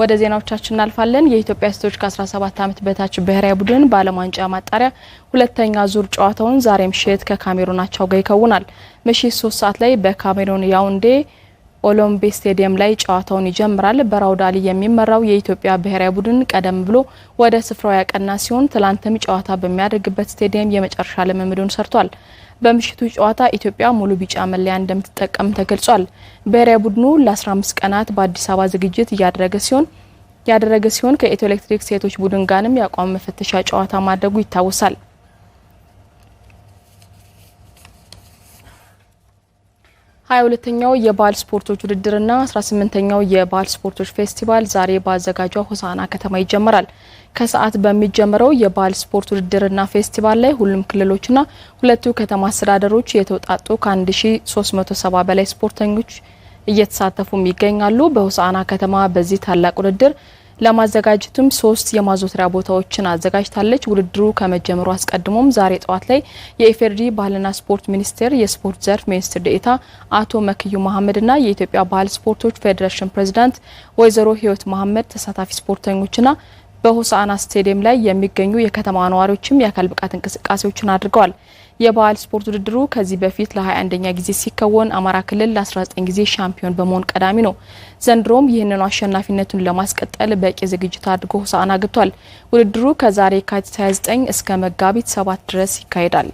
ወደ ዜናዎቻችን እናልፋለን። የኢትዮጵያ ሴቶች ከ17 ዓመት በታች ብሔራዊ ቡድን በዓለም ዋንጫ ማጣሪያ ሁለተኛ ዙር ጨዋታውን ዛሬ ምሽት ከካሜሩን አቻው ጋር ይከውናል። ምሽት ሶስት ሰዓት ላይ በካሜሩን ያውንዴ ኦሎምፒክ ስቴዲየም ላይ ጨዋታውን ይጀምራል። በራውድ የሚመራው የኢትዮጵያ ብሔራዊ ቡድን ቀደም ብሎ ወደ ስፍራው ያቀና ሲሆን ትላንትም ጨዋታ በሚያደርግበት ስቴዲየም የመጨረሻ ልምምዱን ሰርቷል። በምሽቱ ጨዋታ ኢትዮጵያ ሙሉ ቢጫ መለያ እንደምትጠቀም ተገልጿል። ብሔራዊ ቡድኑ ለ15 ቀናት በአዲስ አበባ ዝግጅት እያደረገ ሲሆን ያደረገ ሲሆን ከኢትዮ ኤሌክትሪክ ሴቶች ቡድን ጋርም የአቋም መፈተሻ ጨዋታ ማድረጉ ይታወሳል። 22ኛው የባህል ስፖርቶች ውድድርና 18ኛው የባህል ስፖርቶች ፌስቲቫል ዛሬ ባዘጋጇ ሆሳና ከተማ ይጀመራል። ከሰዓት በሚጀምረው የባህል ስፖርት ውድድርና ፌስቲቫል ላይ ሁሉም ክልሎችና ሁለቱ ከተማ አስተዳደሮች የተውጣጡ ከ ሰባ በላይ ስፖርተኞች እየተሳተፉም ይገኛሉ። በሆሳና ከተማ በዚህ ታላቅ ውድድር ለማዘጋጀትም ሶስት የማዞትሪያ ቦታዎችን አዘጋጅታለች። ውድድሩ ከመጀመሩ አስቀድሞም ዛሬ ጠዋት ላይ የኢፌዴሪ ባህልና ስፖርት ሚኒስቴር የስፖርት ዘርፍ ሚኒስትር ዴኤታ አቶ መክዩ መሀመድና የኢትዮጵያ ባህል ስፖርቶች ፌዴሬሽን ፕሬዚዳንት ወይዘሮ ህይወት መሀመድ ተሳታፊ ስፖርተኞችና በሆሳና ስቴዲየም ላይ የሚገኙ የከተማ ነዋሪዎችም የአካል ብቃት እንቅስቃሴዎችን አድርገዋል። የባህል ስፖርት ውድድሩ ከዚህ በፊት ለ21ኛ ጊዜ ሲከወን አማራ ክልል ለ19 ጊዜ ሻምፒዮን በመሆን ቀዳሚ ነው። ዘንድሮም ይህንኑ አሸናፊነቱን ለማስቀጠል በቂ ዝግጅት አድርጎ ሆሳና ገብቷል። ውድድሩ ከዛሬ የካቲት 29 እስከ መጋቢት ሰ7 ድረስ ይካሄዳል።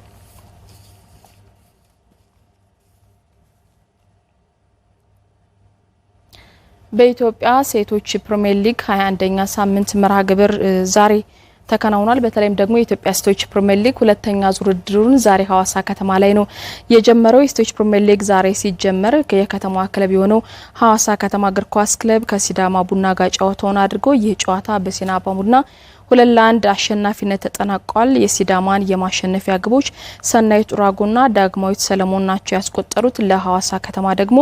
በኢትዮጵያ ሴቶች ፕሪሚየር ሊግ 21ኛ ሳምንት መርሃ ግብር ዛሬ ተከናውኗል። በተለይም ደግሞ የኢትዮጵያ ሴቶች ፕሪሚየር ሊግ ሁለተኛ ዙር ውድድሩን ዛሬ ሐዋሳ ከተማ ላይ ነው የጀመረው። የሴቶች ፕሪሚየር ሊግ ዛሬ ሲጀመር የከተማዋ ክለብ የሆነው ሐዋሳ ከተማ እግር ኳስ ክለብ ከሲዳማ ቡና ጋር ጨዋታውን አድርጎ ይህ ጨዋታ በሲዳማ ቡና ሁለት ለአንድ አሸናፊነት ተጠናቋል። የሲዳማን የማሸነፊያ ግቦች ሰናይት ኡራጎና ዳግማዊት ሰለሞን ናቸው ያስቆጠሩት። ለሐዋሳ ከተማ ደግሞ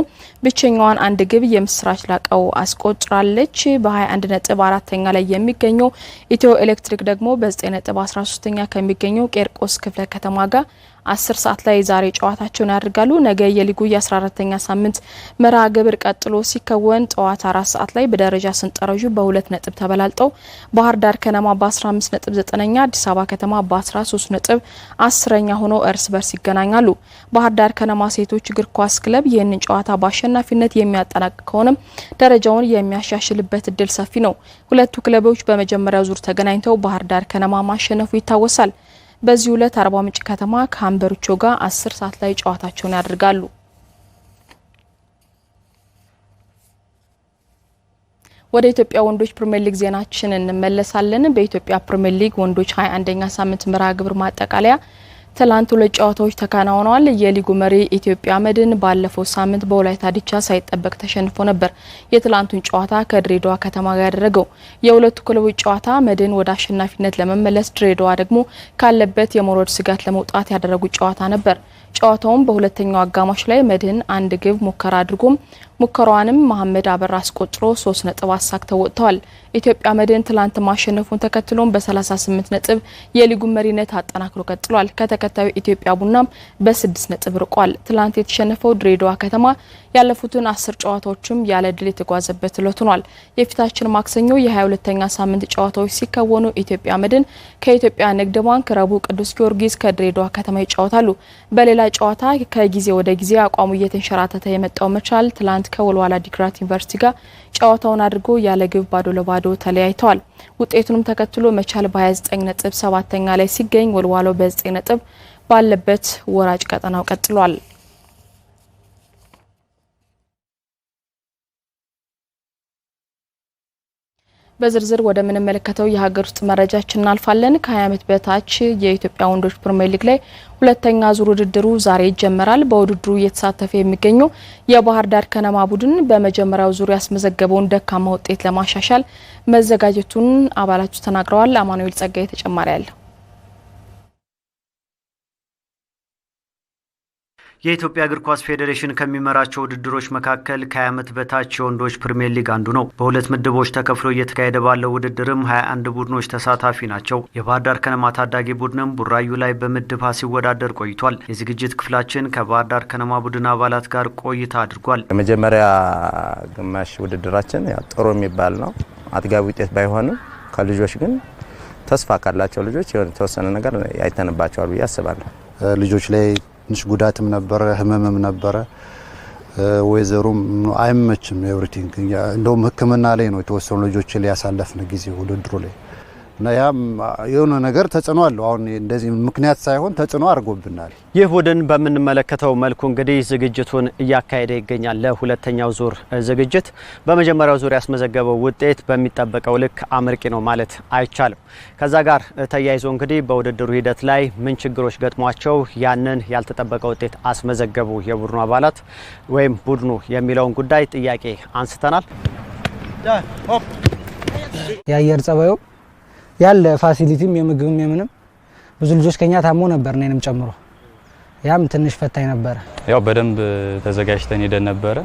ብቸኛዋን አንድ ግብ የምስራች ላቀው አስቆጥራለች። በ21 ነጥብ አራተኛ ላይ የሚገኘው ኢትዮ ኤሌክትሪክ ደግሞ በ9 ነጥብ 13ኛ ከሚገኘው ቄርቆስ ክፍለ ከተማ ጋር አስር ሰዓት ላይ ዛሬ ጨዋታቸውን ያደርጋሉ። ነገ የሊጉ የ14ተኛ ሳምንት መርሃ ግብር ቀጥሎ ሲከወን ጠዋት አራት ሰዓት ላይ በደረጃ ስንጠረዡ በሁለት ነጥብ ተበላልጠው ባህር ዳር ከነማ በ15 ነጥብ ዘጠነኛ አዲስ አበባ ከተማ በ13 ነጥብ አስረኛ ሆነው እርስ በርስ ይገናኛሉ። ባህር ዳር ከነማ ሴቶች እግር ኳስ ክለብ ይህንን ጨዋታ በአሸናፊነት የሚያጠናቅቅ ከሆነም ደረጃውን የሚያሻሽልበት እድል ሰፊ ነው። ሁለቱ ክለቦች በመጀመሪያው ዙር ተገናኝተው ባህር ዳር ከነማ ማሸነፉ ይታወሳል። በዚህ ሁለት አርባ ምንጭ ከተማ ከሀምበሪቾ ጋር አስር ሰዓት ላይ ጨዋታቸውን ያደርጋሉ። ወደ ኢትዮጵያ ወንዶች ፕሪሚየር ሊግ ዜናችን እንመለሳለን። በኢትዮጵያ ፕሪሚየር ሊግ ወንዶች 21ኛ ሳምንት መርሃ ግብር ማጠቃለያ ትላንት ሁለት ጨዋታዎች ተከናውነዋል። የሊጉ መሪ ኢትዮጵያ መድን ባለፈው ሳምንት በወላይታ ዲቻ ሳይጠበቅ ተሸንፎ ነበር የትላንቱን ጨዋታ ከድሬዳዋ ከተማ ጋር ያደረገው። የሁለቱ ክለቦች ጨዋታ መድን ወደ አሸናፊነት ለመመለስ፣ ድሬዳዋ ደግሞ ካለበት የመውረድ ስጋት ለመውጣት ያደረጉት ጨዋታ ነበር። ጨዋታውም በሁለተኛው አጋማሽ ላይ መድን አንድ ግብ ሙከራ አድርጎም ሙከራዋንም መሐመድ አበራ አስቆጥሮ ሶስት ነጥብ አሳክተው ወጥተዋል። ኢትዮጵያ መድን ትላንት ማሸነፉን ተከትሎም በ38 ነጥብ የሊጉን መሪነት አጠናክሮ ቀጥሏል። ከተከታዩ ኢትዮጵያ ቡናም በስድስት ነጥብ ርቋል። ትላንት የተሸነፈው ድሬዳዋ ከተማ ያለፉትን አስር ጨዋታዎችም ያለ ድል የተጓዘበት እለት ሆኗል። የፊታችን ማክሰኞ የ22ኛ ሳምንት ጨዋታዎች ሲከወኑ ኢትዮጵያ መድን ከኢትዮጵያ ንግድ ባንክ፣ ረቡዕ ቅዱስ ጊዮርጊስ ከድሬዳዋ ከተማ ይጫወታሉ። በሌላ ጨዋታ ከጊዜ ወደ ጊዜ አቋሙ እየተንሸራተተ የመጣው መቻል ትላንት ከወልዋላ ዲግራት ዩኒቨርሲቲ ጋር ጨዋታውን አድርጎ ያለ ግብ ባዶ ለባዶ ተለያይተዋል። ውጤቱንም ተከትሎ መቻል በ29 ነጥብ ሰባተኛ ላይ ሲገኝ ወልዋሎ በ9 ነጥብ ባለበት ወራጭ ቀጠናው ቀጥሏል። በዝርዝር ወደምንመለከተው የሀገር ውስጥ መረጃችን እናልፋለን። ከ20 ዓመት በታች የኢትዮጵያ ወንዶች ፕሪሚየር ሊግ ላይ ሁለተኛ ዙር ውድድሩ ዛሬ ይጀመራል። በውድድሩ እየተሳተፈ የሚገኘው የባህር ዳር ከነማ ቡድን በመጀመሪያው ዙር ያስመዘገበውን ደካማ ውጤት ለማሻሻል መዘጋጀቱን አባላቱ ተናግረዋል። አማኑኤል ጸጋዬ ተጨማሪ አለው። የኢትዮጵያ እግር ኳስ ፌዴሬሽን ከሚመራቸው ውድድሮች መካከል ከ20 ዓመት በታች የወንዶች ፕሪምየር ሊግ አንዱ ነው። በሁለት ምድቦች ተከፍሎ እየተካሄደ ባለው ውድድርም 21 ቡድኖች ተሳታፊ ናቸው። የባህር ዳር ከነማ ታዳጊ ቡድንም ቡራዩ ላይ በምድብ ሀ ሲወዳደር ቆይቷል። የዝግጅት ክፍላችን ከባህር ዳር ከነማ ቡድን አባላት ጋር ቆይታ አድርጓል። የመጀመሪያ ግማሽ ውድድራችን ጥሩ የሚባል ነው። አጥጋቢ ውጤት ባይሆንም ከልጆች ግን ተስፋ ካላቸው ልጆች የተወሰነ ነገር አይተንባቸዋል ብዬ አስባለሁ ልጆች ላይ ትንሽ ጉዳትም ነበረ፣ ህመምም ነበረ። ወይዘሮም አይመችም ኤቭሪቲንግ። እንደውም ህክምና ላይ ነው የተወሰኑ ልጆች ላይ ያሳለፍን ጊዜ ውድድሩ ላይ እና ያም የሆነ ነገር ተጽዕኖ አለው። አሁን እንደዚህ ምክንያት ሳይሆን ተጽዕኖ አድርጎብናል። ይህ ቡድን በምንመለከተው መልኩ እንግዲህ ዝግጅቱን እያካሄደ ይገኛል። ለሁለተኛው ዙር ዝግጅት በመጀመሪያው ዙር ያስመዘገበው ውጤት በሚጠበቀው ልክ አመርቂ ነው ማለት አይቻልም። ከዛ ጋር ተያይዞ እንግዲህ በውድድሩ ሂደት ላይ ምን ችግሮች ገጥሟቸው ያንን ያልተጠበቀ ውጤት አስመዘገቡ የቡድኑ አባላት ወይም ቡድኑ የሚለውን ጉዳይ ጥያቄ አንስተናል። የአየር ጸባዩ ያለ ፋሲሊቲም የምግብም የምንም ብዙ ልጆች ከኛ ታሞ ነበር እኔንም ጨምሮ። ያም ትንሽ ፈታኝ ነበረ። ያው በደንብ ተዘጋጅተን ሄደን ነበረ።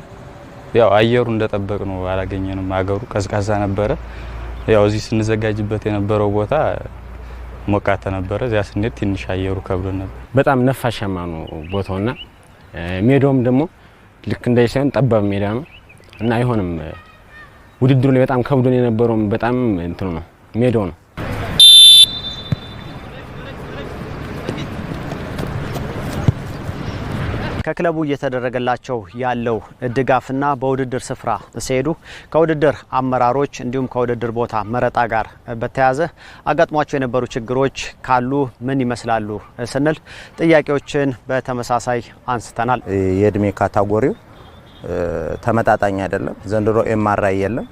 ያው አየሩ እንደጠበቅ ነው አላገኘንም። አገሩ ቀዝቃዛ ነበረ። ያው እዚህ ስንዘጋጅበት የነበረው ቦታ ሞቃተ ነበረ። እዚያ ስንሄድ ትንሽ አየሩ ከብዶ ነበር። በጣም ነፋሻማ ነው ቦታውና ሜዳውም ደግሞ ልክ እንደዚህ ሳይሆን ጠባብ ሜዳ ነው እና አይሆንም። ውድድሩ ላይ በጣም ከብዶን የነበረውም በጣም እንትኑ ነው ሜዳው ነው ከክለቡ እየተደረገላቸው ያለው ድጋፍና በውድድር ስፍራ ሲሄዱ ከውድድር አመራሮች እንዲሁም ከውድድር ቦታ መረጣ ጋር በተያያዘ አጋጥሟቸው የነበሩ ችግሮች ካሉ ምን ይመስላሉ ስንል ጥያቄዎችን በተመሳሳይ አንስተናል። የእድሜ ካታጎሪው ተመጣጣኝ አይደለም። ዘንድሮ ኤምአርአይ የለም።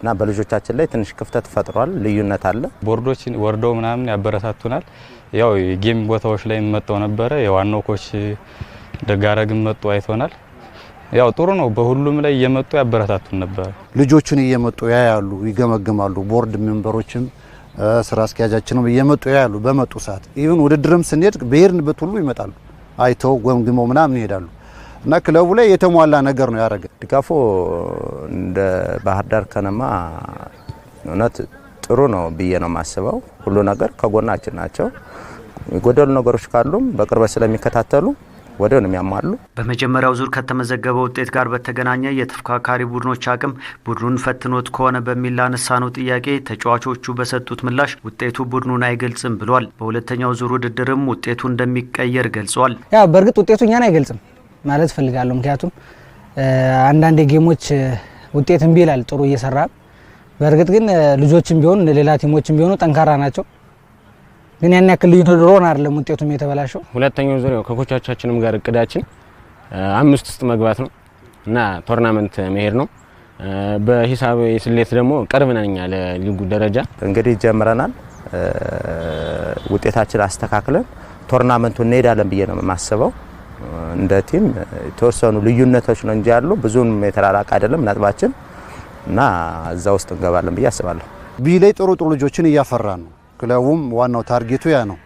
እና በልጆቻችን ላይ ትንሽ ክፍተት ፈጥሯል። ልዩነት አለ። ቦርዶች ወርደው ምናምን ያበረታቱናል። ያው ጌም ቦታዎች ላይ መጠው ነበረ። የዋናው ኮች ደጋረግም መጡ አይቶናል። ያው ጥሩ ነው። በሁሉም ላይ እየመጡ ያበረታቱን ነበር። ልጆቹን እየመጡ ያያሉ፣ ይገመግማሉ። ቦርድ ሜምበሮችም ስራ አስኪያጃችንም እየመጡ ያያሉ። በመጡ ሰዓት ኢቭን ውድድርም ስንሄድ በሄድንበት ሁሉ ይመጣሉ፣ አይተው ጎምግመው ምናምን ይሄዳሉ። እና ክለቡ ላይ የተሟላ ነገር ነው ያደረገ። ድጋፉ እንደ ባህር ዳር ከነማ እውነት ጥሩ ነው ብዬ ነው የማስበው። ሁሉ ነገር ከጎናችን ናቸው። የጎደሉ ነገሮች ካሉም በቅርበት ስለሚከታተሉ ወዲያው የሚያሟሉ። በመጀመሪያው ዙር ከተመዘገበ ውጤት ጋር በተገናኘ የተፎካካሪ ቡድኖች አቅም ቡድኑን ፈትኖት ከሆነ በሚል ነው ጥያቄ ተጫዋቾቹ በሰጡት ምላሽ ውጤቱ ቡድኑን አይገልጽም ብሏል። በሁለተኛው ዙር ውድድርም ውጤቱ እንደሚቀየር ገልጸዋል። ያ በእርግጥ ውጤቱ እኛን አይገልጽም ማለት ፈልጋለሁ። ምክንያቱም አንዳንድ ጌሞች ውጤት እምቢ ይላል ጥሩ እየሰራ በእርግጥ ግን ልጆችም ቢሆን ሌላ ቲሞችም ቢሆኑ ጠንካራ ናቸው። ግን ያን ያክል ልዩ ድሮን አይደለም ውጤቱም የተበላሸው። ሁለተኛው ዙር ከኮቻቻችንም ጋር እቅዳችን አምስት ውስጥ መግባት ነው እና ቶርናመንት መሄድ ነው። በሂሳብ ስሌት ደግሞ ቅርብ ነኛ ለሊጉ ደረጃ እንግዲህ ጀምረናል። ውጤታችን አስተካክለን ቶርናመንቱ እንሄዳለን ብዬ ነው የማስበው። እንደ ቲም የተወሰኑ ልዩነቶች ነው እንጂ ያሉ ብዙም የተራራቀ አይደለም ነጥባችን እና እዛ ውስጥ እንገባለን ብዬ አስባለሁ። ቢ ላይ ጥሩ ጥሩ ልጆችን እያፈራ ነው ክለቡም ዋናው ታርጌቱ ያ ነው።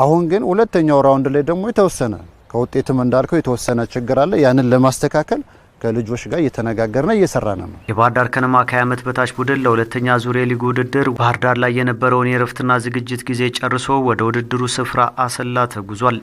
አሁን ግን ሁለተኛው ራውንድ ላይ ደግሞ የተወሰነ ከውጤትም እንዳልከው የተወሰነ ችግር አለ። ያንን ለማስተካከል ከልጆች ጋር እየተነጋገርና እየሰራን ነው። የባህር ዳር ከነማ ከ20 ዓመት በታች ቡድን ለሁለተኛ ዙር የሊግ ውድድር ባህር ዳር ላይ የነበረውን የእረፍትና ዝግጅት ጊዜ ጨርሶ ወደ ውድድሩ ስፍራ አሰላ ተጉዟል።